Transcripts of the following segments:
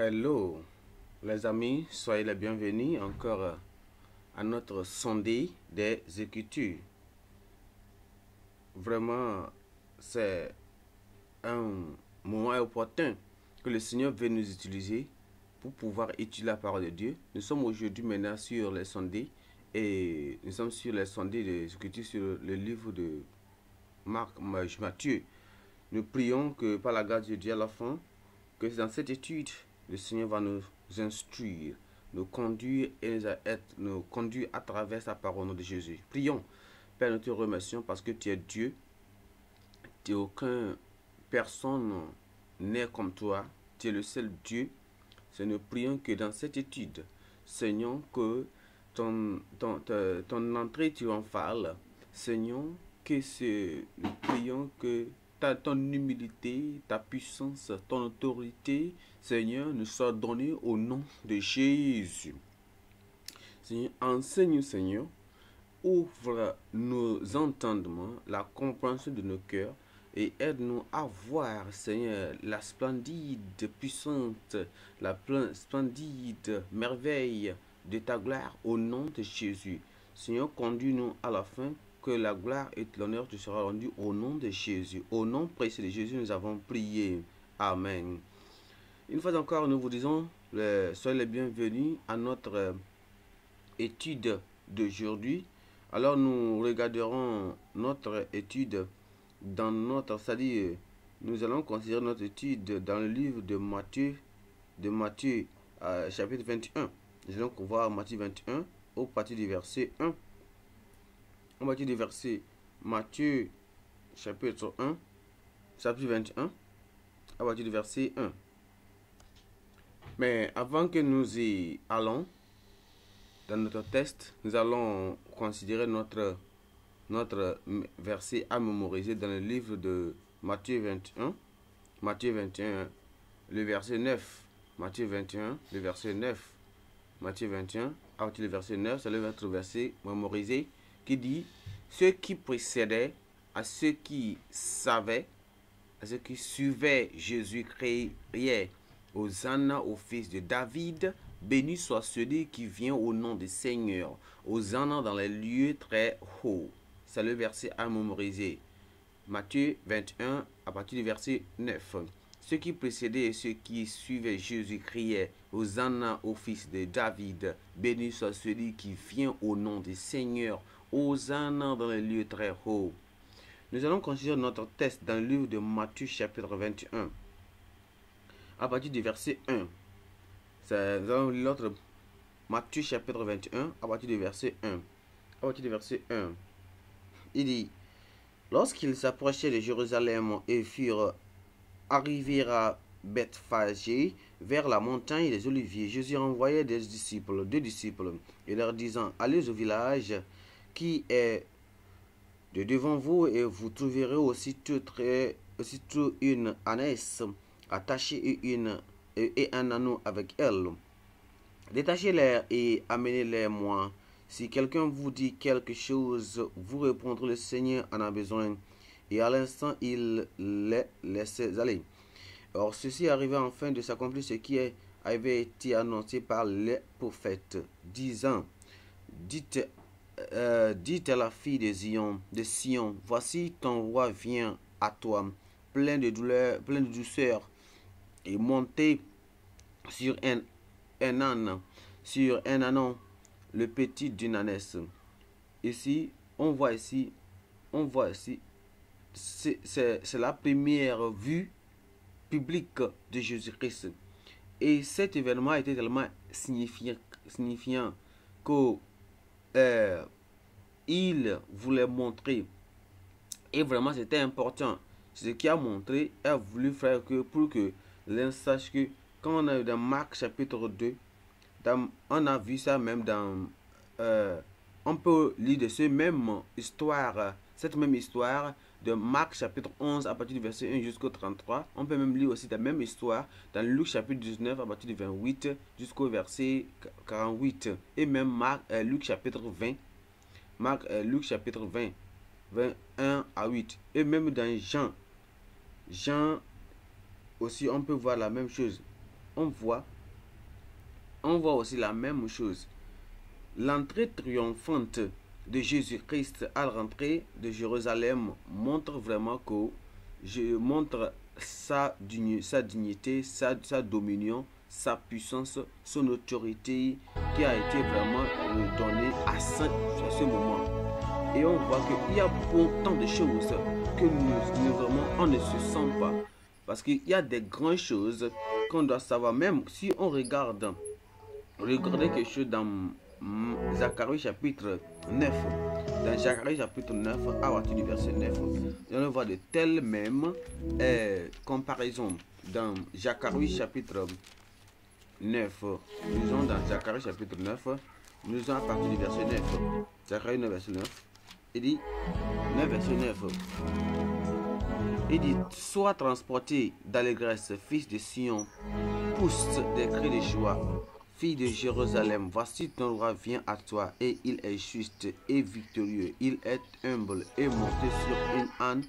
Hello les amis, soyez les bienvenus encore euh, à notre sondé des Écritures. Vraiment, c'est un moment opportun que le Seigneur veut nous utiliser pour pouvoir étudier la parole de Dieu. Nous sommes aujourd'hui maintenant sur les sondés et nous sommes sur les sondés des Écritures sur le livre de Marc Matthieu. Nous prions que par la grâce de Dieu à la fin, que dans cette étude, le Seigneur va nous instruire, nous conduire et nous, conduire à travers sa parole nom de Jésus. Prions. Père, nous te remercions parce que tu es Dieu. Tu es aucun personne n'est comme toi. Tu es le seul Dieu. C'est nous prions que dans cette étude, Seigneur, que ton, ton, ton, ton entrée triomphale, Seigneur, que ce, nous prions que ta, ton humilité, ta puissance, ton autorité, Seigneur, nous soit donné au nom de Jésus. Seigneur, enseigne, Seigneur, ouvre nos entendements, la compréhension de nos cœurs et aide-nous à voir, Seigneur, la splendide, puissante, la splendide merveille de ta gloire au nom de Jésus. Seigneur, conduis-nous à la fin, que la gloire et l'honneur te sera rendu au nom de Jésus. Au nom précieux de Jésus, nous avons prié. Amen. Une fois encore, nous vous disons, soyez les bienvenus à notre euh, étude d'aujourd'hui. Alors, nous regarderons notre étude dans notre, c'est-à-dire, nous allons considérer notre étude dans le livre de Matthieu, de Matthieu, euh, chapitre 21. vais donc voir Matthieu 21 au parti du verset 1. Au parti du verset Matthieu, chapitre 1, chapitre 21, à partir du verset 1. Mais avant que nous y allons, dans notre test, nous allons considérer notre, verset à mémoriser dans le livre de Matthieu 21. Matthieu 21, le verset 9. Matthieu 21, le verset 9. Matthieu 21, à verset 9, c'est le verset mémorisé qui dit Ceux qui précédaient à ceux qui savaient, à ceux qui suivaient Jésus christ Hosanna au fils de David, béni soit celui qui vient au nom du Seigneur. Hosanna dans les lieux très hauts. C'est le verset à mémoriser. Matthieu 21, à partir du verset 9. Ceux qui précédaient et ceux qui suivaient Jésus criaient Hosanna au fils de David, béni soit celui qui vient au nom du Seigneur. Hosanna dans les lieux très hauts. Nous allons considérer notre test dans le livre de Matthieu chapitre 21 à partir du verset 1. C'est l'autre Matthieu chapitre 21 à partir du verset 1. À partir du verset 1. Il dit, lorsqu'ils s'approchaient de Jérusalem et furent arrivés à Bethphagée, vers la montagne des Oliviers, Jésus envoyait des disciples, deux disciples, et leur disant, allez au village qui est de devant vous et vous trouverez aussitôt, très, aussitôt une ânesse attachez une et un anneau avec elle. Détachez-les et amenez-les moi. Si quelqu'un vous dit quelque chose, vous répondrez le Seigneur en a besoin. Et à l'instant, il les laisse aller. Or, ceci arriva enfin de s'accomplir ce qui avait été annoncé par les prophètes, disant euh, Dites, à la fille de Zion, de Sion, voici ton roi vient à toi, plein de douleur, plein de douceur monté sur un, un sur un anon le petit d'une Ici, on voit ici, on voit ici, c'est la première vue publique de Jésus-Christ. Et cet événement était tellement signifiant, signifiant que euh, il voulait montrer. Et vraiment, c'était important. Ce qui a montré, a voulu faire que pour que l'un sache que quand on a dans Marc chapitre 2, on a vu ça même dans... Euh, on peut lire de cette même histoire, cette même histoire de Marc chapitre 11 à partir du verset 1 jusqu'au 33. On peut même lire aussi la même histoire dans Luc chapitre 19 à partir du 28 jusqu'au verset 48. Et même Marc, euh, Luc chapitre 20. Marc, euh, Luc chapitre 20, 21 à 8. Et même dans Jean, Jean aussi, on peut voir la même chose. On voit, on voit aussi la même chose. L'entrée triomphante de Jésus-Christ à l'entrée de Jérusalem montre vraiment que je montre sa, sa dignité, sa, sa dominion, sa puissance, son autorité qui a été vraiment donnée à ce, à ce moment. Et on voit qu'il y a tant de choses que nous, nous vraiment, on ne se sent pas. Parce qu'il y a des grandes choses qu'on doit savoir. Même si on regarde, regardez quelque chose dans Zacharie chapitre 9. Dans Zacharie chapitre 9, à partir du verset 9, on voit de telles mêmes euh, comparaisons. Dans Zacharie chapitre 9, nous sommes dans Zacharie chapitre 9, nous sommes à partir du verset 9. Zacharie 9, verset 9. Il dit 9, verset 9. Il dit Sois transporté d'allégresse, fils de Sion, pousse des cris de joie. Fille de Jérusalem, voici ton roi vient à toi, et il est juste et victorieux. Il est humble et monté sur une âne,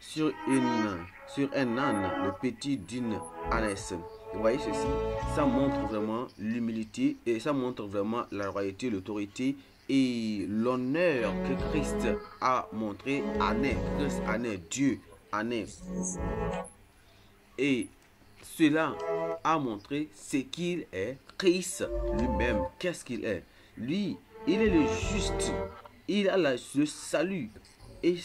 sur, une, sur un âne, le petit d'une ânesse. Vous voyez ceci Ça montre vraiment l'humilité et ça montre vraiment la royauté, l'autorité et l'honneur que Christ a montré à Christ Dieu et cela a montré ce qu'il est, Christ lui-même. Qu'est-ce qu'il est Lui, il est le juste. Il a le salut. Et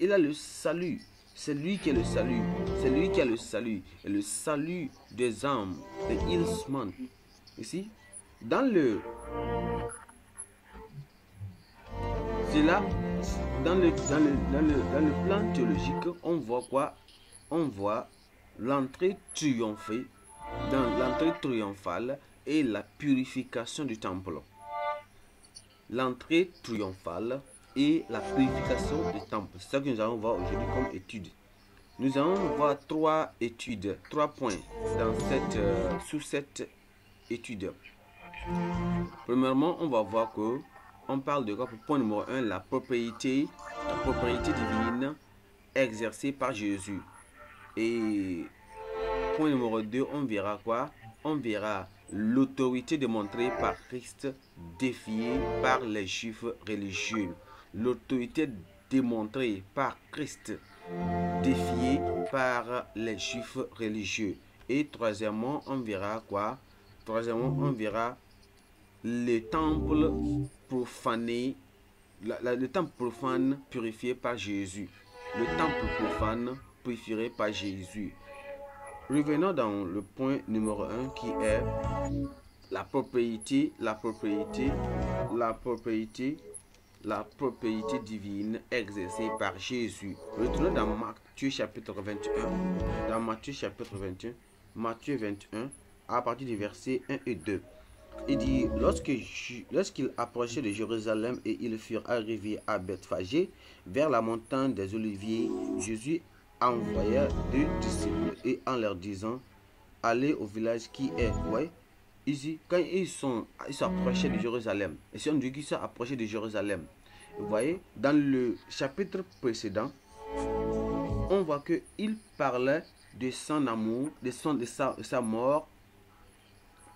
il a le salut. C'est lui qui est le salut. C'est lui qui a le salut. le salut des âmes, de Hillsman. Ici, dans le. Cela dans le, plan théologique, on voit quoi On voit l'entrée triomphée, l'entrée triomphale et la purification du temple. L'entrée triomphale et la purification du temple. C'est ce que nous allons voir aujourd'hui comme étude. Nous allons voir trois études, trois points dans cette, euh, sous cette étude. Premièrement, on va voir que on parle de quoi point numéro 1, la propriété, la propriété divine exercée par Jésus. Et point numéro 2, on verra quoi On verra l'autorité démontrée par Christ défiée par les juifs religieux. L'autorité démontrée par Christ défiée par les juifs religieux. Et troisièmement, on verra quoi Troisièmement, on verra le temple profané, le temple profane purifié par Jésus. Le temple profane purifié par Jésus. Revenons dans le point numéro 1 qui est la propriété, la propriété, la propriété, la propriété divine exercée par Jésus. Retournons dans Matthieu chapitre 21. Dans Matthieu chapitre 21, Matthieu 21, à partir du verset 1 et 2. Il dit, lorsqu'ils approchaient de Jérusalem et ils furent arrivés à Bethphagée, vers la montagne des Oliviers, Jésus envoya deux disciples et en leur disant, allez au village qui est, ouais, ici, quand ils sont, ils de Jérusalem, et si on dit qu'ils s'approchaient de Jérusalem, vous voyez, dans le chapitre précédent, on voit qu'il parlait de son amour, de, son, de sa mort,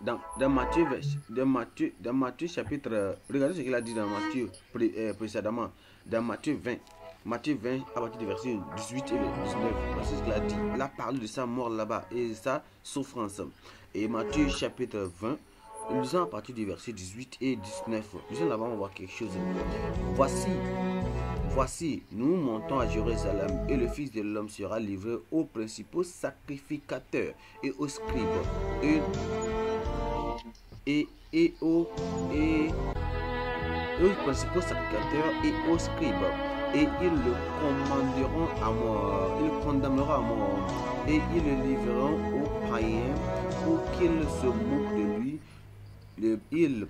dans, dans, Matthieu, dans, Matthieu, dans Matthieu chapitre, regardez ce qu'il a dit dans Matthieu euh, précédemment, dans Matthieu 20, Matthieu 20 à partir du verset 18 et 19, il a parlé de sa mort là-bas et sa souffrance. Et Matthieu chapitre 20, nous à partir du verset 18 et 19, Nous allons voir quelque chose. Voici, voici, nous montons à Jérusalem et le Fils de l'homme sera livré aux principaux sacrificateurs et aux scribes. Et E, e, e. et et aux et principaux sacrificateurs et aux scribes et ils le commanderont à mort ils condamneront à mort et ils le livreront aux païens pour qu'ils se moquent de lui ils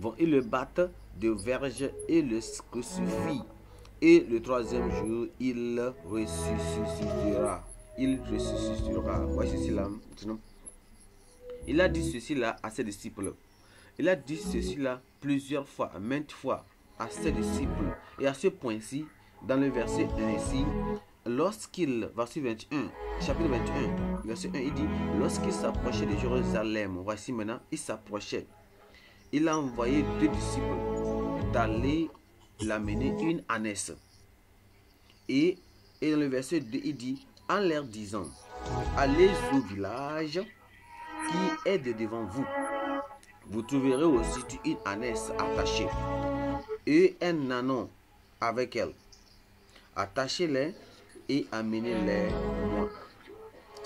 vont ils le battent de verge et le crucifient et le troisième jour il ressuscitera il ressuscitera voici cela il a dit ceci-là à ses disciples. Il a dit ceci-là plusieurs fois, maintes fois, à ses disciples. Et à ce point-ci, dans le verset 1 ici, lorsqu'il, verset 21, chapitre 21, verset 1, il dit, lorsqu'il s'approchait de Jérusalem, voici maintenant, il s'approchait. Il a envoyé deux disciples d'aller l'amener une ânesse. Et, et dans le verset 2, il dit, en leur disant, allez au village qui est devant vous. Vous trouverez aussi une ânesse attachée et un nanon avec elle. Attachez-les et amenez-les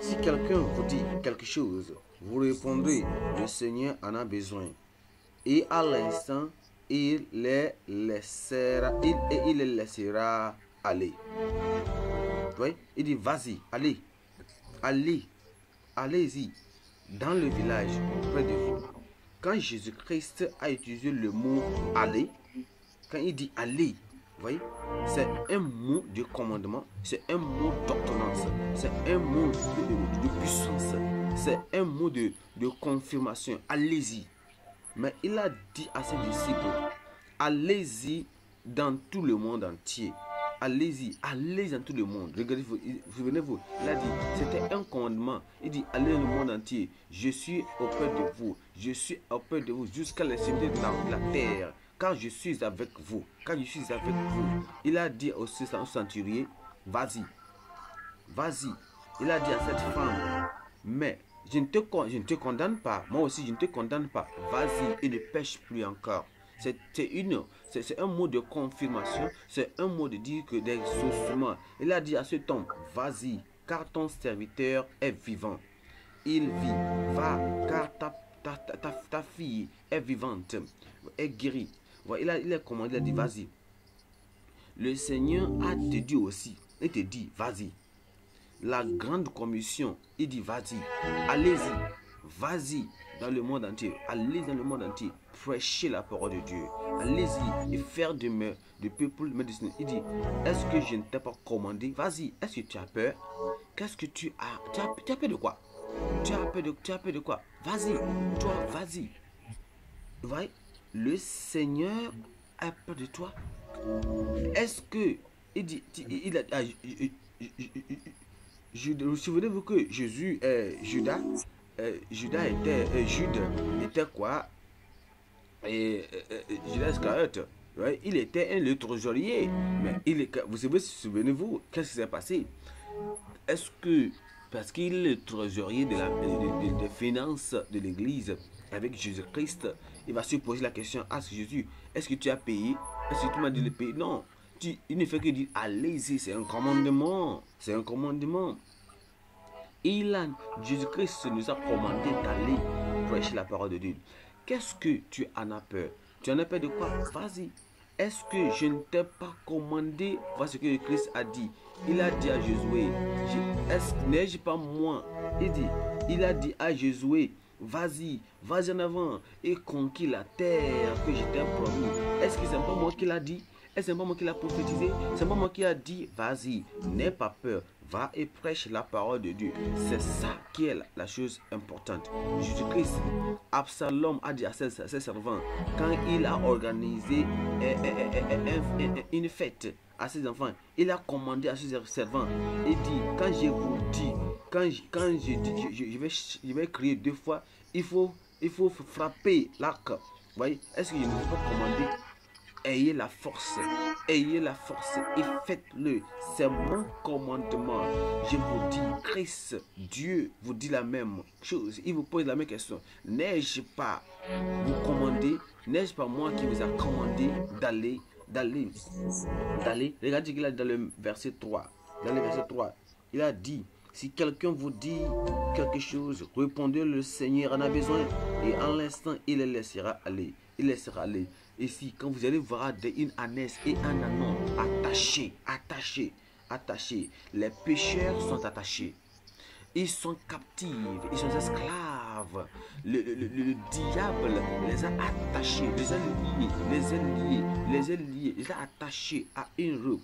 Si quelqu'un vous dit quelque chose, vous répondrez, le Seigneur en a besoin. Et à l'instant, il les laissera, il, et il les laissera aller. Il dit, vas-y, allez, allez, allez-y dans le village près de vous, quand Jésus-Christ a utilisé le mot aller, quand il dit aller, voyez, c'est un mot de commandement, c'est un mot d'ordonnance, c'est un mot de, puissance, c'est un mot de, de confirmation. Allez-y. Mais il a dit à ses disciples, allez-y dans tout le monde entier allez-y, allez dans tout le monde. Regardez-vous, venez vous il a dit, c'était un commandement. Il dit, allez dans le monde entier. Je suis auprès de vous. Je suis auprès de vous jusqu'à l'extrémité de la terre. Quand je suis avec vous, quand je suis avec vous, il a dit au centuriers vas-y, vas-y. Il a dit à cette femme, mais je ne te, je ne te condamne pas, moi aussi je ne te condamne pas. Vas-y et ne pêche plus encore. C'est une, c'est un mot de confirmation, c'est un mot de dire que des ossements. Il a dit à ce temps, vas-y, car ton serviteur est vivant. Il vit, va, car ta, fille est vivante, est guérie. Il a, commandé, il dit, vas-y. Le Seigneur a dit aussi, il te dit, vas-y. La grande commission, il dit, vas-y, allez-y, vas-y dans le monde entier, allez dans le monde entier fraîcher la parole de Dieu. Allez-y et faire de me de peuple Il dit, est-ce que je ne t'ai pas commandé Vas-y, est-ce que tu as peur Qu'est-ce que tu as tu as, peur de quoi tu as peur de, quoi Vas-y, toi, vas-y. voyez? Le Seigneur a peur de toi. Est-ce que il dit, il a, je, souvenez-vous que Jésus, euh, Judas, euh, Judas était, euh, Judas était quoi et, je il était un le trésorier. Mais il est, vous souvenez-vous, qu'est-ce qui s'est passé Est-ce que, parce qu'il est le trésorier de la de, de, finances de l'Église avec Jésus-Christ, il va se poser la question à Jésus, est-ce que tu as payé Est-ce que tu m'as dit le payer Non. il ne fait que dire, allez-y, c'est un commandement. C'est un commandement. Il a, Jésus-Christ nous a commandé d'aller prêcher la parole de Dieu. Qu'est-ce que tu en as peur Tu en as peur de quoi Vas-y. Est-ce que je ne t'ai pas commandé Voici ce que Christ a dit. Il a dit à jésus est-ce n'ai-je pas moi Il dit, il a dit à Josué, vas-y, vas-y en avant et conquis la terre que je t'ai promis. Est-ce que c'est pas moi qui l'a dit Est-ce que c'est pas moi qui l'a prophétisé C'est pas moi qui a dit, vas-y, n'aie pas peur, va et prêche la parole de Dieu. C'est ça qui est la chose importante. Jésus-Christ, Absalom a dit à ses, servants, quand il a organisé une fête à ses enfants, il a commandé à ses servants et dit, quand je vous dis, quand je, je, vais, crier deux fois, il faut, il faut frapper l'arc. Voyez, est-ce que je ne vous pas commandé Ayez la force, ayez la force et faites-le. C'est mon commandement. Je vous dis, Christ, Dieu vous dit la même chose. Il vous pose la même question. N'ai-je pas vous commandé N'ai-je pas moi qui vous a commandé d'aller, d'aller, d'aller Regardez qu'il a dans le verset 3. Dans le verset 3, il a dit si quelqu'un vous dit quelque chose, répondez le Seigneur en a besoin et en l'instant, il le laissera aller. Il laissera aller. Et si quand vous allez voir une ânesse et un anon attachés, attachés, attachés, les pécheurs sont attachés. Ils sont captifs, ils sont esclaves. Le, diable les a attachés, les a liés, les a liés, les a liés, les a attachés à une roue,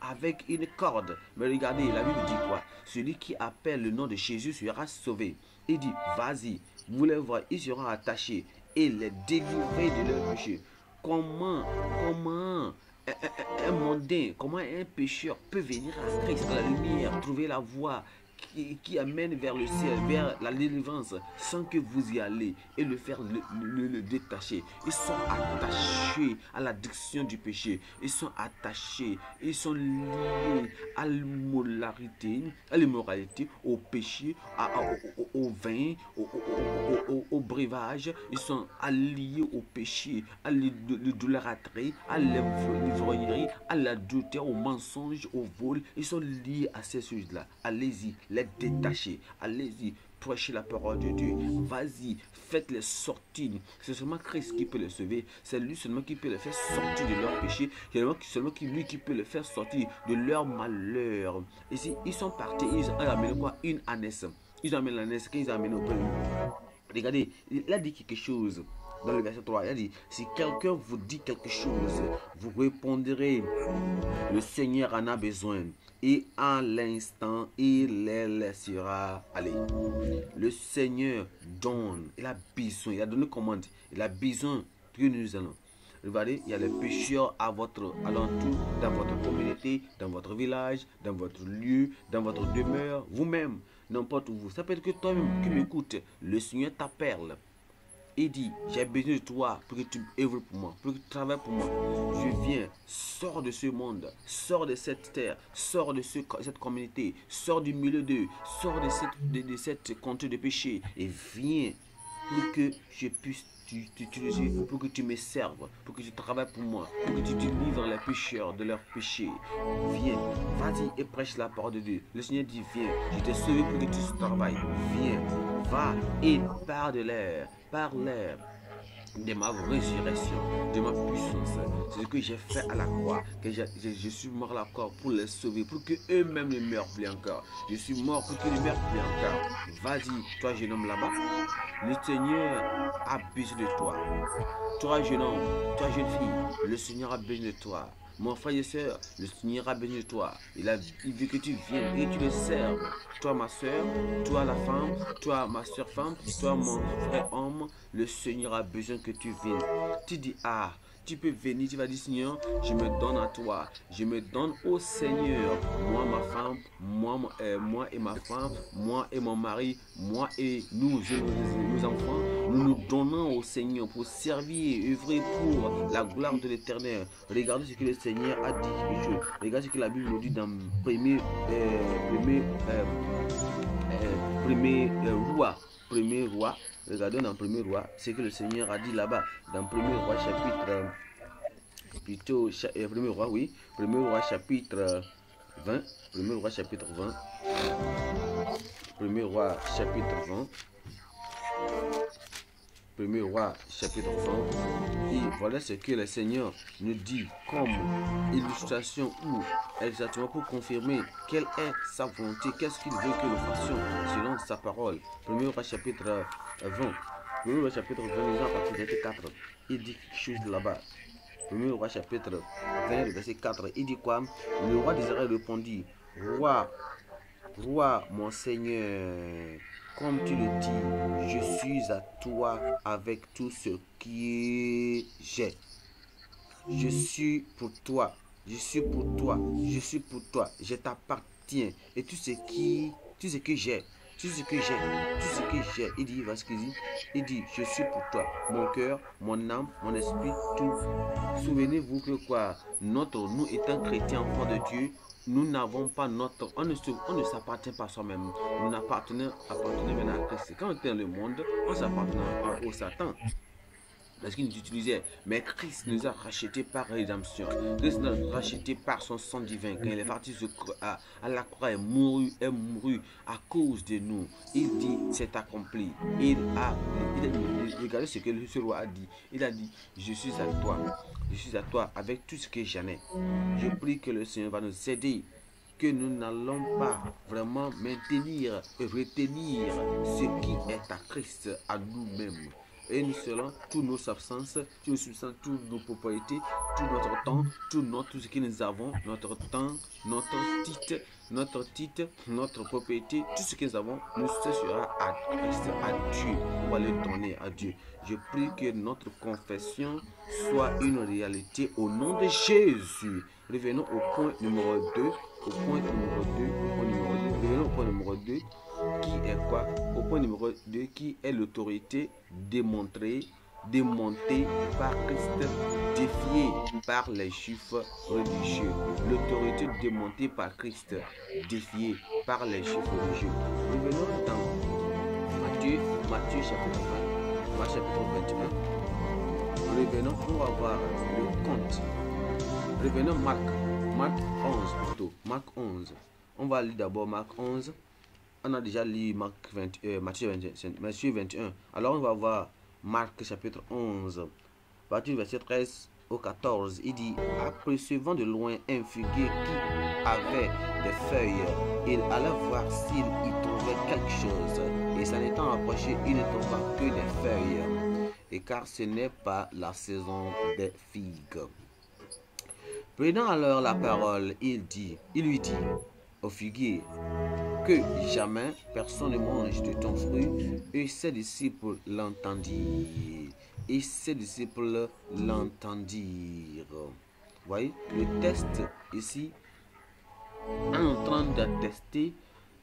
avec une corde. Mais regardez, la Bible dit quoi Celui qui appelle le nom de Jésus sera sauvé. Il dit, vas-y, vous les voir, ils seront attachés et les délivrer de leur péchés. Comment, comment un mondain, comment un pécheur peut venir à Christ, à la lumière, trouver la voie qui, amène vers le ciel, vers la délivrance, sans que vous y allez et le faire le, détacher. Ils sont attachés à l'addiction du péché. Ils sont attachés, ils sont liés à l'immoralité, à l'immoralité, au péché, au, vin, au, au, breuvage. Ils sont alliés au péché, à l'idolâtrie, à l'ivrognerie, à la l'adultère, au mensonge, au vol. Ils sont liés à ces sujets là Allez-y, les détacher. Allez-y, prêchez la parole de Dieu. Vas-y, faites les sortir. C'est seulement Christ qui peut les sauver. C'est lui seulement qui peut les faire sortir de leur péché. C'est seulement lui qui peut les faire sortir de leur malheur. Et si ils sont partis, ils ont amené quoi Une ânesse. Ils ont amené l'ânesse qu'ils ont amené au pays. Regardez, il a dit quelque chose dans le verset 3. Il a dit, si quelqu'un vous dit quelque chose, vous répondrez, le Seigneur en a besoin et en l'instant, il les laissera aller. Le Seigneur donne, il a besoin, il a donné commande, il a besoin que nous allons. Regardez, il y a les pécheurs à votre alentour, dans votre communauté, dans votre village, dans votre lieu, dans votre demeure, vous-même, n'importe où. Ça peut être que toi-même qui m'écoutes, le Seigneur t'appelle et dit, j'ai besoin de toi pour que tu œuvres pour moi, pour que tu travailles pour moi. Je viens, sors de ce monde, sors de cette terre, sors de ce, cette communauté, sors du milieu d'eux, sors de cette, de, de cette de péché et viens pour que je puisse t'utiliser, pour que tu me serves, pour que tu travailles pour moi, pour que tu délivres les pécheurs de leurs péchés. Viens, vas-y et prêche la parole de Dieu. Le Seigneur dit, viens, je t'ai sauvé pour que tu travailles. Viens, va et pars de l'air par de ma résurrection, de ma puissance. C'est ce que j'ai fait à la croix, que je, suis mort la croix pour les sauver, pour qu'eux-mêmes ne meurent plus encore. Je suis mort pour qu'ils ne meurent plus encore. Vas-y, toi jeune homme là-bas, le Seigneur a besoin de toi. Toi jeune homme, toi jeune fille, le Seigneur a besoin de toi. Mon frère et soeur, le Seigneur a béni toi. Il, veut que tu viennes et tu le serves. Toi, ma soeur, toi, la femme, toi, ma soeur femme, toi, mon frère homme, le Seigneur a besoin que tu viennes. Tu dis, ah, tu peux venir, tu vas dire Seigneur, je me donne à toi, je me donne au Seigneur, moi ma femme, moi, euh, moi et ma femme, moi et mon mari, moi et nous, je, nos enfants, nous nous donnons au Seigneur pour servir, œuvrer pour la gloire de l'Éternel. Regardez ce que le Seigneur a dit, regardez ce que la Bible nous dit dans premier, euh, premier, euh, euh, premier roi premier roi, regardons dans premier roi C'est que le Seigneur a dit là-bas, dans premier roi chapitre, plutôt, euh, premier roi, oui, premier roi chapitre 20, premier roi chapitre 20, premier roi chapitre 20. 1er roi chapitre 20. Et voilà ce que le Seigneur nous dit comme illustration ou exactement pour confirmer quelle est sa volonté, qu'est-ce qu'il veut que nous fassions selon sa parole. 1er roi chapitre 20. 1er roi chapitre 20, à partir verset 4. Il dit quelque chose là-bas. 1er roi chapitre 20, verset 4. Il dit quoi Le roi d'Israël répondit Roi, roi, mon Seigneur. Comme tu le dis, je suis à toi avec tout ce qui j'ai. Je suis pour toi, je suis pour toi, je suis pour toi, je t'appartiens. Et tout ce qui, tout ce que j'ai, tout ce que j'ai, tout ce que j'ai, il dit, vas il dit, je suis pour toi, mon cœur, mon âme, mon esprit, tout. Souvenez-vous que quoi, notre, nous étant chrétiens, enfants de Dieu, nous n'avons pas notre... On ne, s'appartient pas soi-même. Nous n'appartenons appartenons maintenant à Christ. Quand on est dans le monde, on s'appartient au Satan parce qu'il nous utilisait. Mais Christ nous a rachetés par rédemption. Christ nous a rachetés par son sang divin. Quand il est parti à, à la croix, est mouru, est mouru à cause de nous. Il dit, c'est accompli. Il a, il regardez ce que le ce roi a dit. Il a dit, je suis à toi. Je suis à toi avec tout ce que j'en ai. Je prie que le Seigneur va nous aider que nous n'allons pas vraiment maintenir et retenir ce qui est à Christ à nous-mêmes et nous serons tous nos substances, tous nos nos propriétés, tout notre temps, tout notre ce que nous avons, notre temps, notre titre, notre titre, notre propriété, tout ce que nous avons, nous sera à, à Dieu. On va le donner à Dieu. Je prie que notre confession soit une réalité au nom de Jésus. Revenons au point numéro 2, au point numéro 2, numéro 2, qui est quoi Au point numéro 2, qui est l'autorité démontrée, démontée par Christ, défiée par les chiffres religieux. L'autorité démontée par Christ, défiée par les chiffres religieux. Revenons dans Matthieu, Matthieu chapitre 20, chapitre 21. Revenons, pour avoir le compte. Revenons Marc, Marc 11 plutôt, Marc 11. On va lire d'abord Marc 11. On a déjà lu Marc 20, euh, Matthieu, 21. Alors on va voir Marc chapitre 11. Matthieu verset 13 au 14. Il dit, suivant de loin un figuier qui avait des feuilles, il alla voir s'il y trouvait quelque chose. Et s'en étant approché, il ne trouva que des feuilles. Et car ce n'est pas la saison des figues. Prenant alors la parole, il dit, il lui dit, au figuier, que jamais personne ne mange de ton fruit. Et ses disciples l'entendirent. Et ses disciples l'entendirent. Voyez, le test ici en train d'attester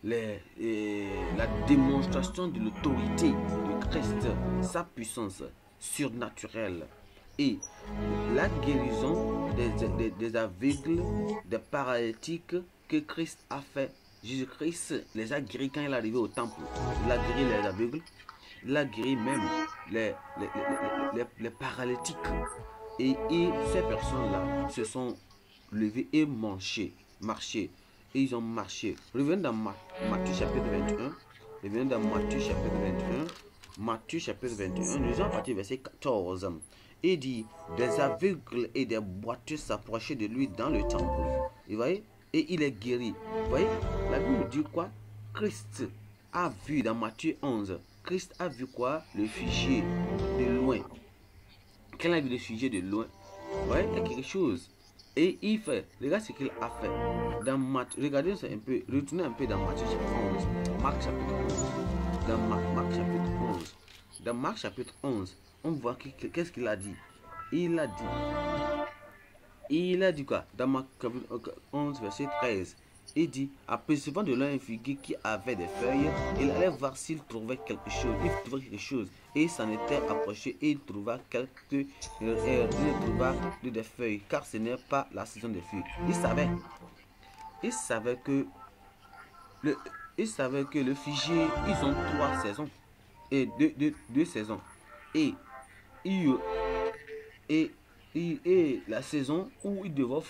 eh, la démonstration de l'autorité de Christ, sa puissance surnaturelle et la guérison des, des aveugles, des paralytiques, que Christ a fait. Jésus-Christ les a guéris quand il est arrivé au temple. Il a guéri les aveugles. Il a guéri même les, les, les, les paralytiques. Et, et ces personnes-là se sont levées et marché, marché. Et ils ont marché. Revenons dans Matthieu chapitre 21. Revenons dans Matthieu chapitre 21. Matthieu chapitre 21, nous allons partir verset 14. Il dit, des aveugles et des boiteux s'approchaient de lui dans le temple. Vous voyez et il est guéri. Vous la Bible dit quoi Christ a vu dans Matthieu 11, Christ a vu quoi Le fichier de loin. Quel a vu le sujet de loin, vous quelque chose. Et il fait, regardez ce qu'il a fait. Dans Matthieu, regardez c'est un peu, retournez un peu dans Matthieu 11, Marc chapitre 11. Dans Marc, chapitre 11, dans Marc chapitre 11, on voit qu'est-ce qu'il a dit. Il a dit, il a dit quoi Dans Marc 11, euh, verset 13. Il dit, Après apercevant de l'un figuier qui avait des feuilles, il allait voir s'il trouvait quelque chose. Il trouvait quelque chose. Et s'en était approché et il trouva quelques, euh, euh, il trouva des feuilles, car ce n'est pas la saison des feuilles. Il savait, il savait que le, il savait que le figuier, ils ont trois saisons et deux, deux, saisons. Et, il, et et la saison où il doit,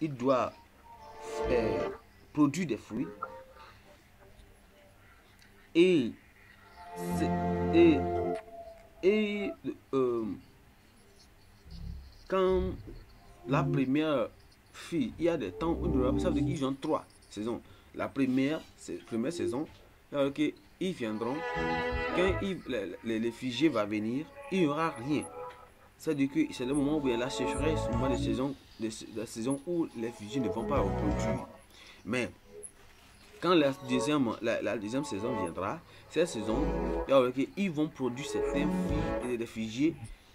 il doit produire des fruits. Et, et, et euh, quand la première fille, il y a des temps où ils ont trois saisons. La première, c'est la première saison, alors qu'ils viendront, quand les, les, va venir, il n'y aura rien. C'est-à-dire que c'est le moment où il y a la sécheresse, le moment de saison, la saison où les fusils ne vont pas reproduire. Mais quand la deuxième, la, deuxième saison viendra, cette saison, ils vont produire certains fruits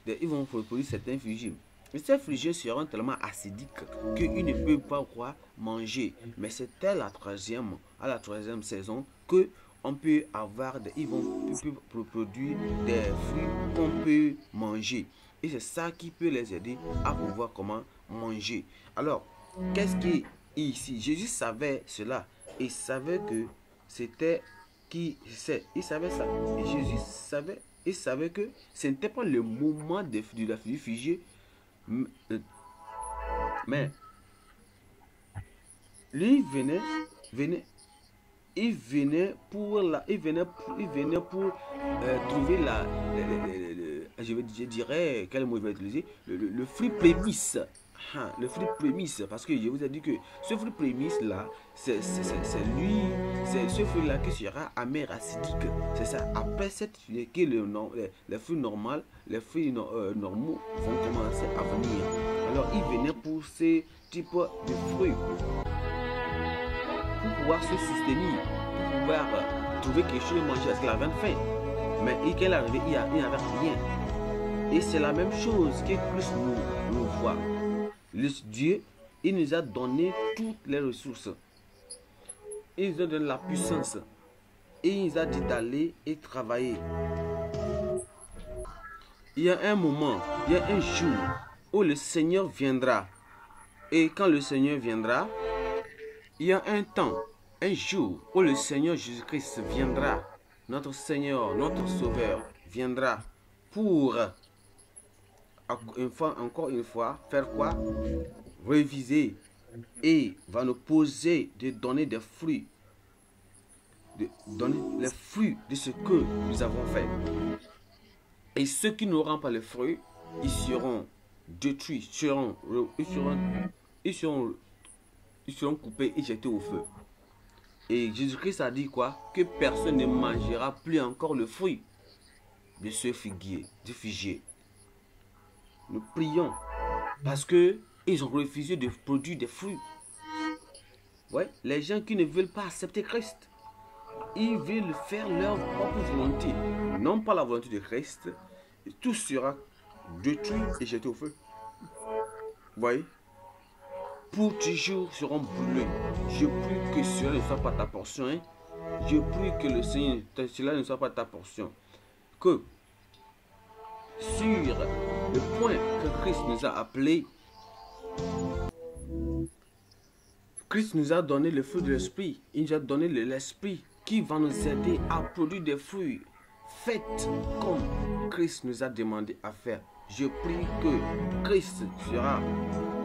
des ils vont produire certains figues Mais ces figuiers seront tellement acidiques qu'ils ne peuvent pas quoi manger. Mais c'est à la troisième, à la troisième saison que on peut avoir, vont produire des fruits qu'on peut manger. Et c'est ça qui peut les aider à pouvoir comment manger. Alors, qu'est-ce qui ici Jésus savait cela. Il savait que c'était qui sait. Il savait ça. Jésus savait, et savait que ce n'était pas le moment de, de la figée. Euh, mais lui venait, venait, il venait pour la, il venait pour, il venait pour euh, trouver la je, dirais, quel mot je vais utiliser Le, fruit prémisse. Ah, le fruit prémisse, parce que je vous ai dit que ce fruit prémisse là, c'est lui, c'est ce fruit là qui sera amer acidique. C'est ça. Après cette que le, les, les, fruits normaux, les fruits euh, normaux vont commencer à venir. Alors il venait pour ce type de fruits pour pouvoir se soutenir, pour pouvoir euh, trouver quelque chose à manger parce qu'il avait faim. Mais qu'elle il n'y avait rien. Et c'est la même chose que plus nous, nous voit. Le Dieu, il nous a donné toutes les ressources. Il nous a donné la puissance. Et il nous a dit d'aller et travailler. Il y a un moment, il y a un jour où le Seigneur viendra. Et quand le Seigneur viendra, il y a un temps, un jour où le Seigneur Jésus-Christ viendra. Notre Seigneur, notre Sauveur viendra pour encore une fois, faire quoi Réviser. Et va nous poser de donner des fruits. De donner les fruits de ce que nous avons fait. Et ceux qui n'auront pas les fruits, ils seront détruits, seront, ils, seront, coupés et jetés au feu. Et Jésus-Christ a dit quoi Que personne ne mangera plus encore le fruit de ce figuier, du figuier nous prions parce que ils ont refusé de produire des fruits. Ouais, les gens qui ne veulent pas accepter Christ, ils veulent faire leur propre volonté, non pas la volonté de Christ. Et tout sera détruit et jeté au feu. Vous voyez Pour toujours seront brûlés. Je prie que cela ne soit pas ta portion. Hein. Je prie que le Seigneur, cela ne soit pas ta portion. Que sur le point que Christ nous a appelé. Christ nous a donné le fruit de l'esprit. Il nous a donné l'esprit qui va nous aider à produire des fruits. Faites comme Christ nous a demandé à faire. Je prie que Christ sera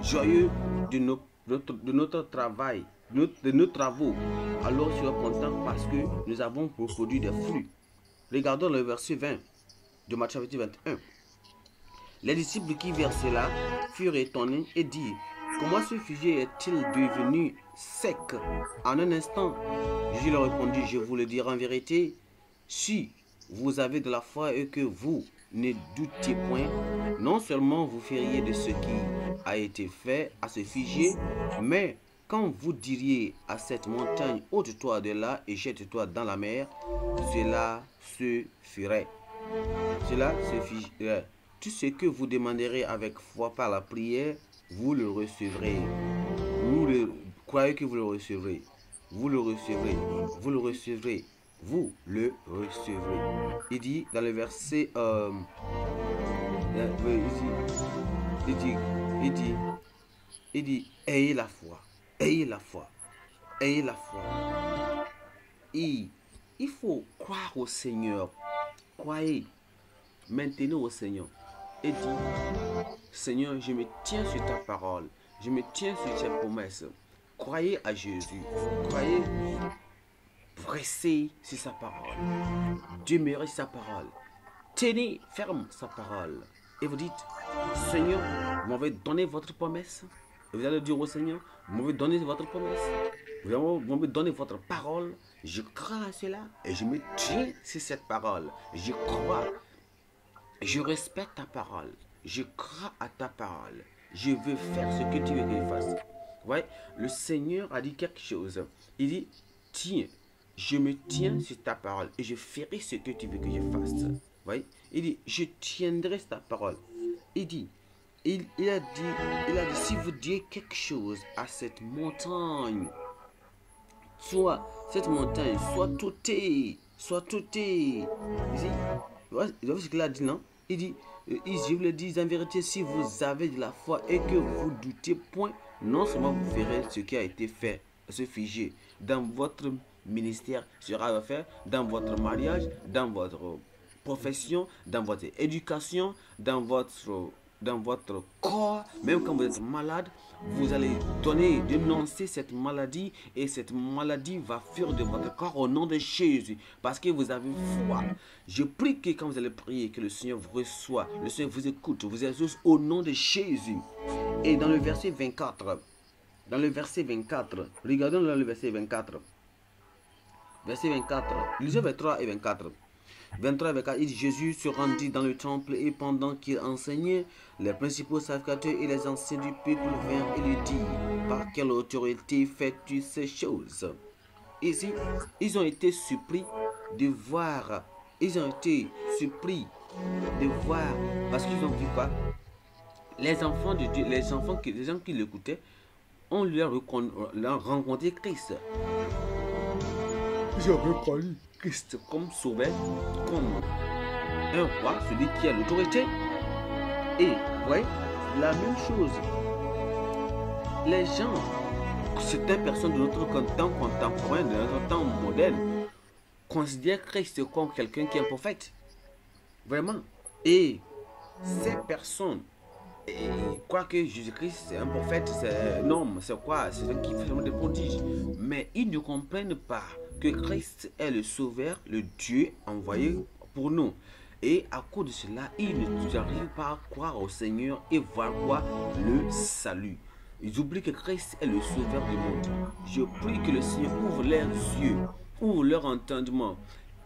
joyeux de, notre travail, de, nos travaux. Alors soyez content parce que nous avons produit des fruits. Regardons le verset 20 de Matthieu 21. Les disciples qui virent cela furent étonnés et dirent, comment ce figé est-il devenu sec en un instant Jésus leur répondit, je vous le dirai en vérité, si vous avez de la foi et que vous ne doutez point, non seulement vous feriez de ce qui a été fait à ce figuier, mais quand vous diriez à cette montagne, ôte-toi de là et jette-toi dans la mer, cela se ferait. Cela se ferait. Euh, tout ce que vous demanderez avec foi par la prière, vous le recevrez. Vous le, croyez que vous le recevrez. Vous le recevrez. Vous le recevrez. Vous le recevrez. Il dit dans le verset... Euh, euh, il dit, il dit, il dit, ayez la foi, ayez la foi, ayez la foi. il faut croire au Seigneur. Croyez. maintenant au Seigneur et dit, Seigneur, je me tiens sur ta parole, je me tiens sur tes promesse. Croyez à Jésus, croyez, pressez sur sa parole, demeurez sa parole, tenez ferme sa parole. Et vous dites, Seigneur, vous m'avez donné votre promesse. Et vous allez dire au Seigneur, vous m'avez donné votre promesse. Vous m'avez donné votre parole. Je crois à cela et je me tiens sur cette parole. Je crois je respecte ta parole. Je crois à ta parole. Je veux faire ce que tu veux que je fasse. Ouais, le Seigneur a dit quelque chose. Il dit, tiens, je me tiens sur ta parole et je ferai ce que tu veux que je fasse. Voyez. il dit, je tiendrai ta parole. Il dit, il, a dit, il a dit, si vous dites quelque chose à cette montagne, soit cette montagne, soit tout est, soit tout Vous voyez ce qu'il a dit, non dit, je euh, vous le dis en vérité, si vous avez de la foi et que vous doutez point, non seulement vous verrez ce qui a été fait, se figer dans votre ministère sera fait, dans votre mariage, dans votre profession, dans votre éducation, dans votre dans votre corps, même quand vous êtes malade, vous allez donner, dénoncer cette maladie et cette maladie va fuir de votre corps au nom de Jésus parce que vous avez foi. Je prie que quand vous allez prier, que le Seigneur vous reçoit, le Seigneur vous écoute, vous exauce au nom de Jésus. Et dans le verset 24, dans le verset 24, regardons dans le verset 24, verset 24, lisez 23 et 24. 23, avec il Jésus se rendit dans le temple et pendant qu'il enseignait, les principaux sacrificateurs et les anciens du peuple vinrent et lui dirent, par quelle autorité fais-tu ces choses Ici, ils ont été surpris de voir, ils ont été surpris de voir, parce qu'ils ont vu quoi Les enfants de Dieu, les enfants, qui, les gens qui l'écoutaient, ont leur, leur rencontré Christ. Ils ont reconnu Christ comme sauveur, comme un roi, celui qui a l'autorité. Et, vous voyez, la même chose. Les gens, certaines personnes de notre temps contemporain, de notre temps modèle considèrent Christ comme quelqu'un qui est un prophète. Vraiment. Et ces personnes croient que Jésus-Christ c'est un prophète, c'est un homme, c'est quoi C'est un qui fait des prodiges. Mais ils ne comprennent pas que Christ est le Sauveur, le Dieu envoyé pour nous. Et à cause de cela, ils n'arrivent pas à croire au Seigneur et voir quoi le salut. Ils oublient que Christ est le Sauveur du monde. Je prie que le Seigneur ouvre leurs yeux, ouvre leur entendement,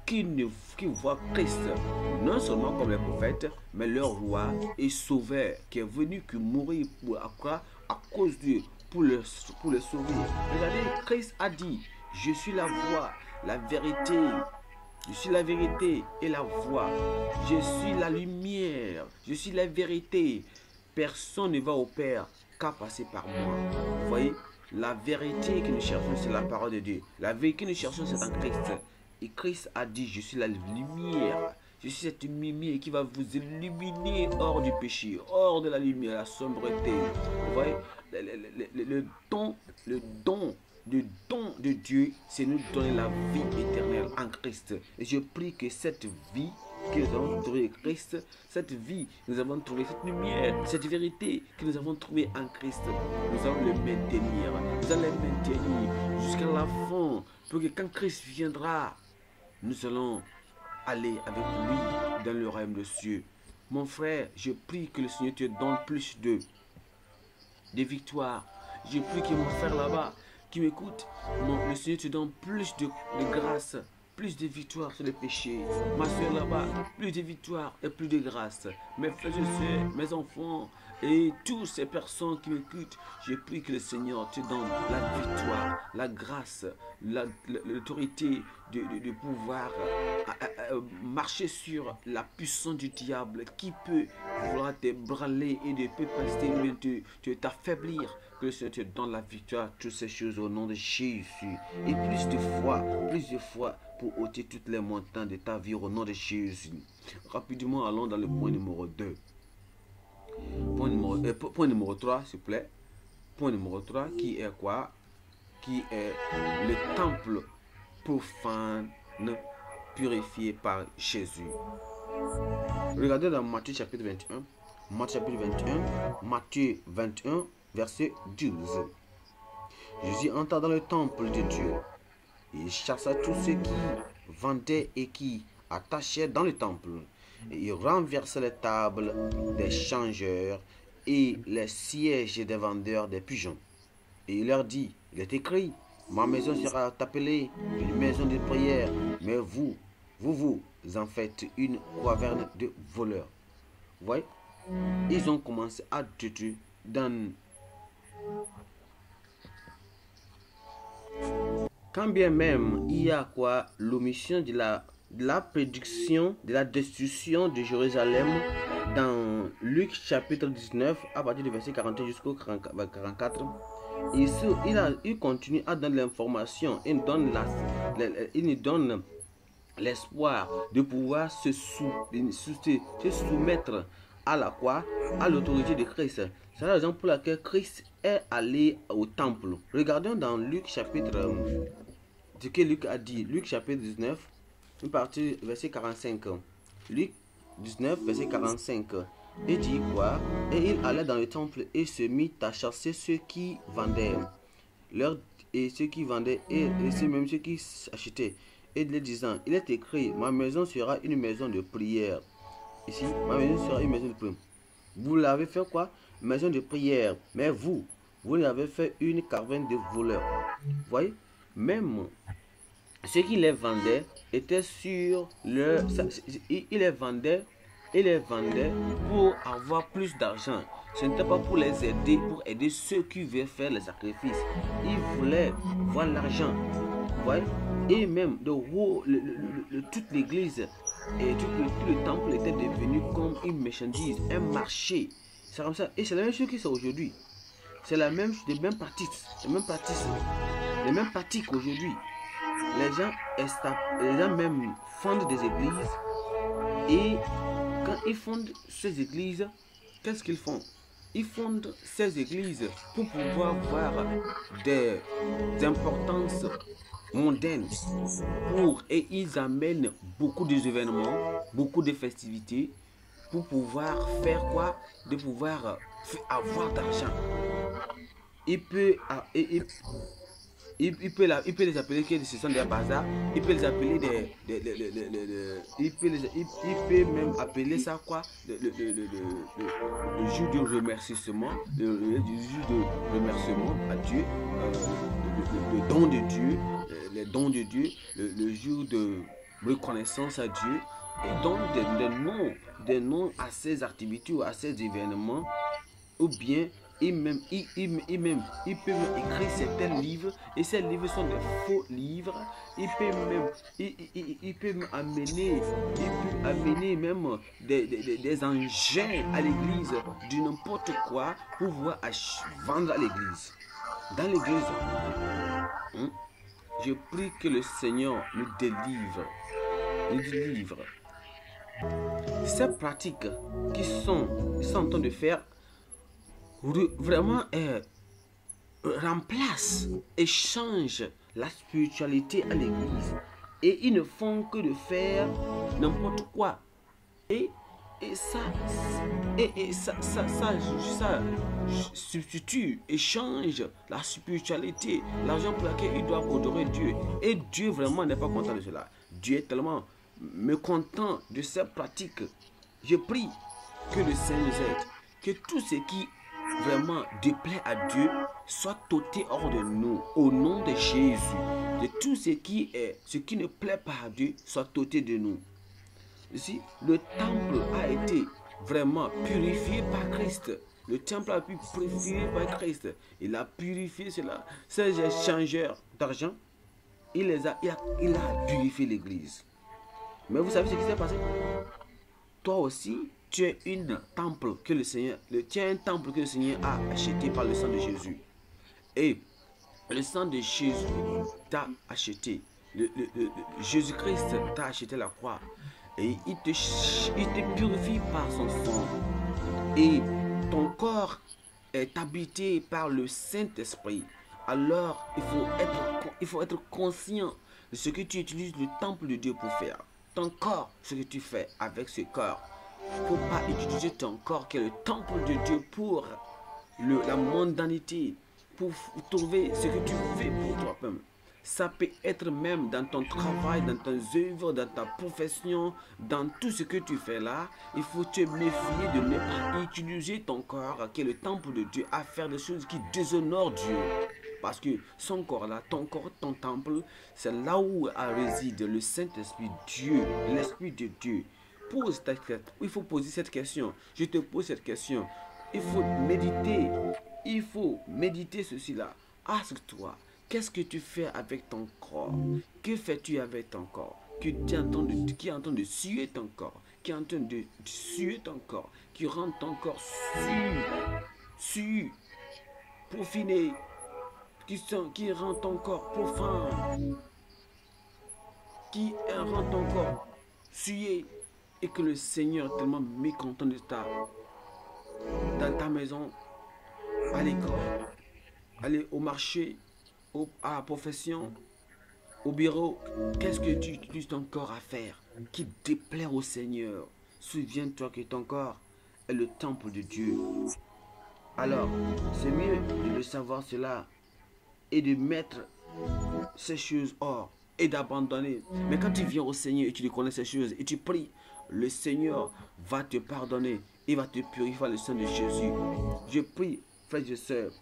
qu'ils voient Christ, non seulement comme les prophètes, mais leur roi et sauveur, qui est venu que mourir pour, à, à cause de pour le, pour le sauver. Regardez, Christ a dit, je suis la voix, la vérité. Je suis la vérité et la voix. Je suis la lumière. Je suis la vérité. Personne ne va au Père qu'à passer par moi. Vous voyez La vérité que nous cherchons, c'est la parole de Dieu. La vérité que nous cherchons, c'est en Christ. Et Christ a dit, je suis la lumière. Je suis cette lumière qui va vous illuminer hors du péché, hors de la lumière, la sombreté. Vous voyez le don, le don le don de Dieu, c'est nous donner la vie éternelle en Christ. Et je prie que cette vie que nous avons trouvée en Christ, cette vie que nous avons trouvée, cette lumière, cette vérité que nous avons trouvée en Christ, nous allons le maintenir. Nous allons le maintenir jusqu'à la fin pour que quand Christ viendra, nous allons aller avec lui dans le royaume des cieux. Mon frère, je prie que le Seigneur te donne plus de, de victoires. Je prie que mon frère là-bas qui le Seigneur te donne plus de, grâce plus de victoire sur les péchés. Ma soeur là-bas, plus de victoire et plus de grâce. Mes frères et soeurs, mes enfants et toutes ces personnes qui m'écoutent, je prie que le Seigneur te donne la victoire, la grâce, l'autorité de, pouvoir euh, euh, euh, marcher sur la puissance du diable qui peut vouloir te branler et de peut te, te t'affaiblir que ce te donne la victoire toutes ces choses au nom de Jésus. Et plus de fois, plus de fois, pour ôter toutes les montagnes de ta vie au nom de Jésus. Rapidement, allons dans le point numéro 2. Point numéro, euh, point numéro 3, s'il vous plaît. Point numéro 3, qui est quoi Qui est le temple profane purifié par Jésus. Regardez dans Matthieu chapitre 21. Matthieu chapitre 21. Matthieu 21 verset 12. Jésus entra dans le temple de Dieu. Il chassa tous ceux qui vendaient et qui attachaient dans le temple. Et il renversa les tables des changeurs et les sièges des vendeurs des pigeons. Et il leur dit, il est écrit, ma maison sera appelée une maison de prière, mais vous, vous, vous en faites une caverne de voleurs. Vous voyez Ils ont commencé à tuer dans quand bien même il y a quoi l'omission de la, la prédiction de la destruction de Jérusalem dans Luc chapitre 19 à partir du verset 41 jusqu'au 44, ici il, a, il continue à donner l'information, il donne la, il nous donne l'espoir de pouvoir se, sou, se, soumettre à la croix, à l'autorité de Christ. C'est la raison pour laquelle Christ Aller au temple. Regardons dans Luc chapitre euh, ce que Luc a dit. Luc chapitre 19, une partie verset 45. Luc 19, verset 45. Et dit quoi Et il allait dans le temple et se mit à chasser ceux qui vendaient. Leur, et ceux qui vendaient et, et même ceux qui achetaient. Et les disant, il est écrit, ma maison sera une maison de prière. Ici, ma maison sera une maison de prière. Vous l'avez fait quoi Maison de prière. Mais vous, vous avez fait une caravane de voleurs. voyez Même ceux qui les vendaient étaient sur le, Ils les vendaient, ils les vendaient pour avoir plus d'argent. Ce n'était pas pour les aider, pour aider ceux qui veulent faire les sacrifices. Ils voulaient voir l'argent. Vous voyez Et même de le, toute l'église et tout le, le, temple était devenu comme une marchandise, un marché. C'est comme ça. Et c'est la même chose qui c'est aujourd'hui. C'est la même, chose, mêmes les mêmes pratiques, les mêmes pratiques hein. aujourd'hui. Les gens, les gens même fondent des églises et quand ils fondent ces églises, qu'est-ce qu'ils font Ils fondent ces églises pour pouvoir voir des importances mondaines. Pour, et ils amènent beaucoup d'événements, beaucoup de festivités pour pouvoir faire quoi De pouvoir avoir d'argent. Il peut, ah, il, il, peut il peut les appeler ce sont des bazars, il peut les appeler des, il, peut il, peut même appeler ça quoi le, le, le, jour de remerciement, le, jour de remerciement à Dieu, euh, le, don de Dieu, euh, les dons de Dieu, le, jour de reconnaissance à Dieu, et donc des, des noms, des noms à ces activités ou à ces événements ou bien il, même, il, même, il peut même écrire certains livres et ces livres sont des faux livres. Il peut même, il, peut amener, il peut amener même des, des, engins à l'église, du n'importe quoi, pour pouvoir vendre à l'église. Dans l'église, hein, je prie que le Seigneur nous délivre, nous délivre. Ces pratiques qui sont, sont en train de faire vraiment euh, remplace et change la spiritualité à l'église. Et ils ne font que de faire n'importe quoi. Et, et, ça, et, et ça, ça, ça, ça, substitue et change la spiritualité, l'argent pour lequel ils doivent adorer Dieu. Et Dieu vraiment n'est pas content de cela. Dieu est tellement mécontent de cette pratique. Je prie que le Saint nous aide, que tout ce qui vraiment déplaît à Dieu, soit ôté hors de nous au nom de Jésus. De tout ce qui est, ce qui ne plaît pas à Dieu, soit ôté de nous. Si le temple a été vraiment purifié par Christ. Le temple a pu purifier par Christ. Il a purifié cela. Ces échangeurs d'argent, il, les a, il, a, il a purifié l'Église. Mais vous savez ce qui s'est passé Toi aussi, tu es une temple que le Seigneur, un temple que le Seigneur a acheté par le sang de Jésus. Et le sang de Jésus t'a acheté. Jésus-Christ t'a acheté la croix. Et il te, il purifie par son sang. Et ton corps est habité par le Saint-Esprit. Alors, il faut, être, il faut être conscient de ce que tu utilises le temple de Dieu pour faire. Ton corps, ce que tu fais avec ce corps faut pas utiliser ton corps qui est le temple de Dieu pour la mondanité, pour trouver ce que tu fais pour toi-même. Ça peut être même dans ton travail, dans ton œuvre, dans ta profession, dans tout ce que tu fais là. Il faut te méfier de ne pas utiliser ton corps, qui est le temple de Dieu, à faire des choses qui déshonorent Dieu. Parce que son corps là, ton corps, ton temple, c'est là où réside le Saint-Esprit, Dieu, l'Esprit de Dieu pose ta, il faut poser cette question. Je te pose cette question. Il faut méditer. Il faut méditer ceci-là. Ask-toi, qu'est-ce que tu fais avec ton corps Que fais-tu avec ton corps de, qui est en de suer ton corps, qui est en de suer ton corps, qui rend ton corps su, su, profiné, qui, qui rend ton corps profond, qui rend ton corps sué, et que le Seigneur est tellement mécontent de ta, dans ta maison, à l'école, aller au marché, à la profession, au bureau, qu'est-ce que tu utilises ton corps à faire qui déplaire au Seigneur Souviens-toi que ton corps est le temple de Dieu. Alors, c'est mieux de savoir cela et de mettre ces choses hors et d'abandonner. Mais quand tu viens au Seigneur et tu reconnais connais ces choses et tu pries, le Seigneur va te pardonner. Il va te purifier le sang de Jésus. Je prie, frères et sœurs,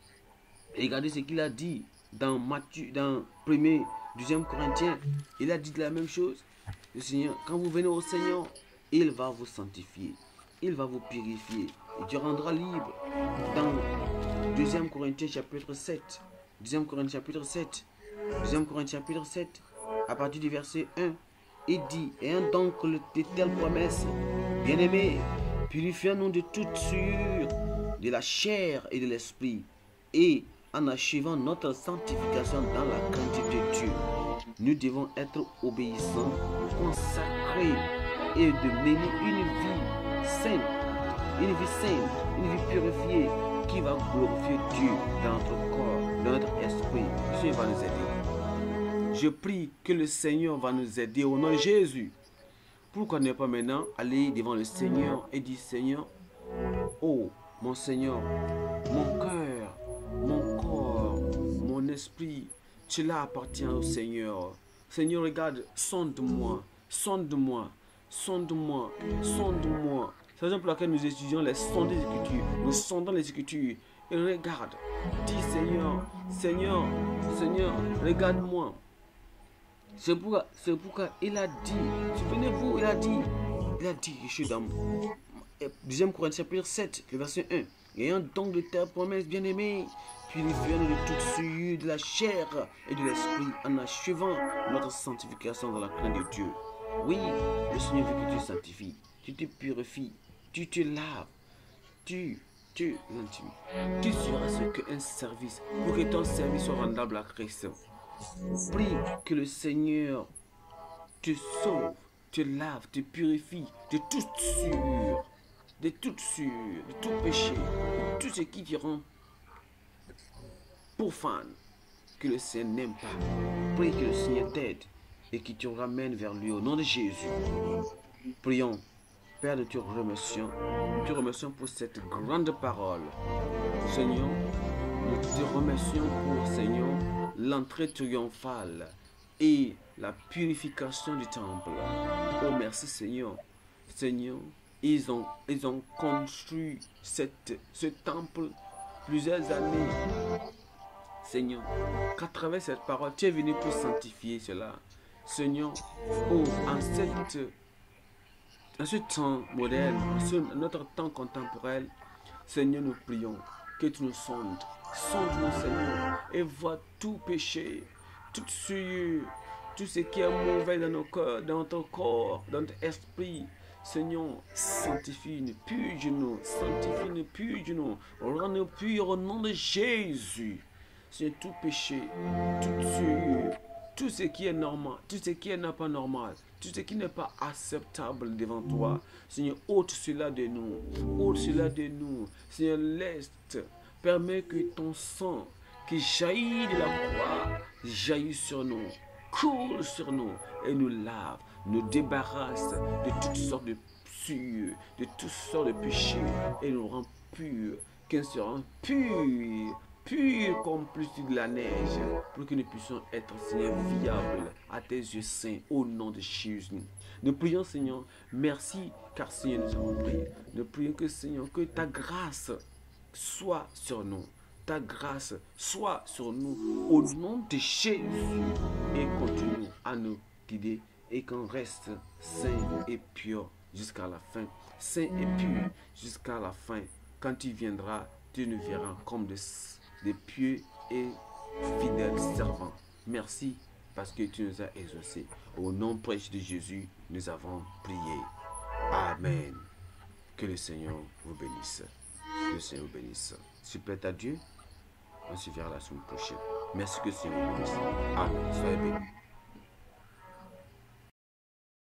regardez ce qu'il a dit dans Matthieu, dans 1er, 2 Corinthiens. Il a dit la même chose. Le Seigneur, quand vous venez au Seigneur, il va vous sanctifier. Il va vous purifier. Et tu rendra libre. Dans 2 Corinthiens chapitre 7. 2 Corinthiens chapitre 7. 2 Corinthiens chapitre 7. À partir du verset 1 et dit, un donc de telles promesses, bien aimé, purifiant nous de toute sueur, de la chair et de l'esprit, et en achevant notre sanctification dans la quantité de Dieu, nous devons être obéissants, consacrés et de mener une vie sainte, une vie sainte, une vie purifiée qui va glorifier Dieu dans notre corps, dans notre esprit. qui va nous aider. Je prie que le Seigneur va nous aider au nom de Jésus. Pourquoi ne pas maintenant aller devant le Seigneur et dire Seigneur, oh mon Seigneur, mon cœur, mon corps, mon esprit, cela appartient au Seigneur. Seigneur, regarde, sonde-moi, sonde-moi, sonde-moi, sonde-moi. C'est la raison pour laquelle nous étudions les sondes des Écritures. Nous sondons les Écritures et regarde. Dis Seigneur, Seigneur, Seigneur, regarde-moi. C'est pourquoi, il a dit, souvenez-vous, il a dit, il a dit, je suis dans 2 Corinthiens chapitre 7, le verset 1. Ayant donc de ta promesse, bien-aimée, tu nous de toute souillure de la chair et de l'esprit en achevant notre sanctification dans la crainte de Dieu. Oui, le Seigneur veut que tu sanctifies, tu te purifies, tu te laves, tu, tu Tu seras ce qu'un service pour que ton service soit rendable à Christ. Prie que le Seigneur te sauve, te lave, te purifie de toute sûre, de toute sûre, de tout péché, de tout ce qui te rend profane que le Seigneur n'aime pas. Prie que le Seigneur t'aide et qu'il te ramène vers lui au nom de Jésus. Prions. Père, nous te remercions. Nous te remercions pour cette grande parole. Seigneur, nous te remercions pour, Seigneur, l'entrée triomphale et la purification du temple. Oh merci Seigneur. Seigneur, ils ont, ils ont construit cette, ce temple plusieurs années. Seigneur, qu'à travers cette parole, tu es venu pour sanctifier cela. Seigneur, oh, en, cette, ce temps moderne, en notre temps contemporain, Seigneur, nous prions que tu nous sondes, Sonde nous Seigneur et vois tout péché, tout ce qui est mauvais dans nos cœurs, dans ton corps, dans ton esprit. Seigneur, sanctifie-nous, purge-nous, sanctifie-nous, purge-nous, rends-nous au nom de Jésus. Seigneur, tout péché, tout ce qui est normal, tout ce qui n'est pas normal, tout ce qui n'est pas acceptable devant toi. Seigneur, ôte cela de nous, ôte cela de nous. Seigneur, laisse permet que ton sang qui jaillit de la croix jaillit sur nous, coule sur nous et nous lave, nous débarrasse de toutes sortes de suieux, de toutes sortes de péchés et nous rend purs, qu'il rend pur, pur comme plus de la neige, pour que nous puissions être, Seigneur, viables à tes yeux saints, au nom de Jésus. Nous prions, Seigneur, merci, car Seigneur, nous avons prié. Nous prions que, Seigneur, que ta grâce soit sur nous. Ta grâce soit sur nous au nom de Jésus et continue à nous guider et qu'on reste saint et pur jusqu'à la fin. Saint et pur jusqu'à la fin. Quand tu viendras, tu nous verras comme des, pieux et fidèles servants. Merci parce que tu nous as exaucés. Au nom prêche de Jésus, nous avons prié. Amen. Que le Seigneur vous bénisse. Que le Seigneur bénisse. Si plaît à Dieu, on se verra la semaine prochaine. Merci que le Seigneur bénisse. Amen. Soyez bénis.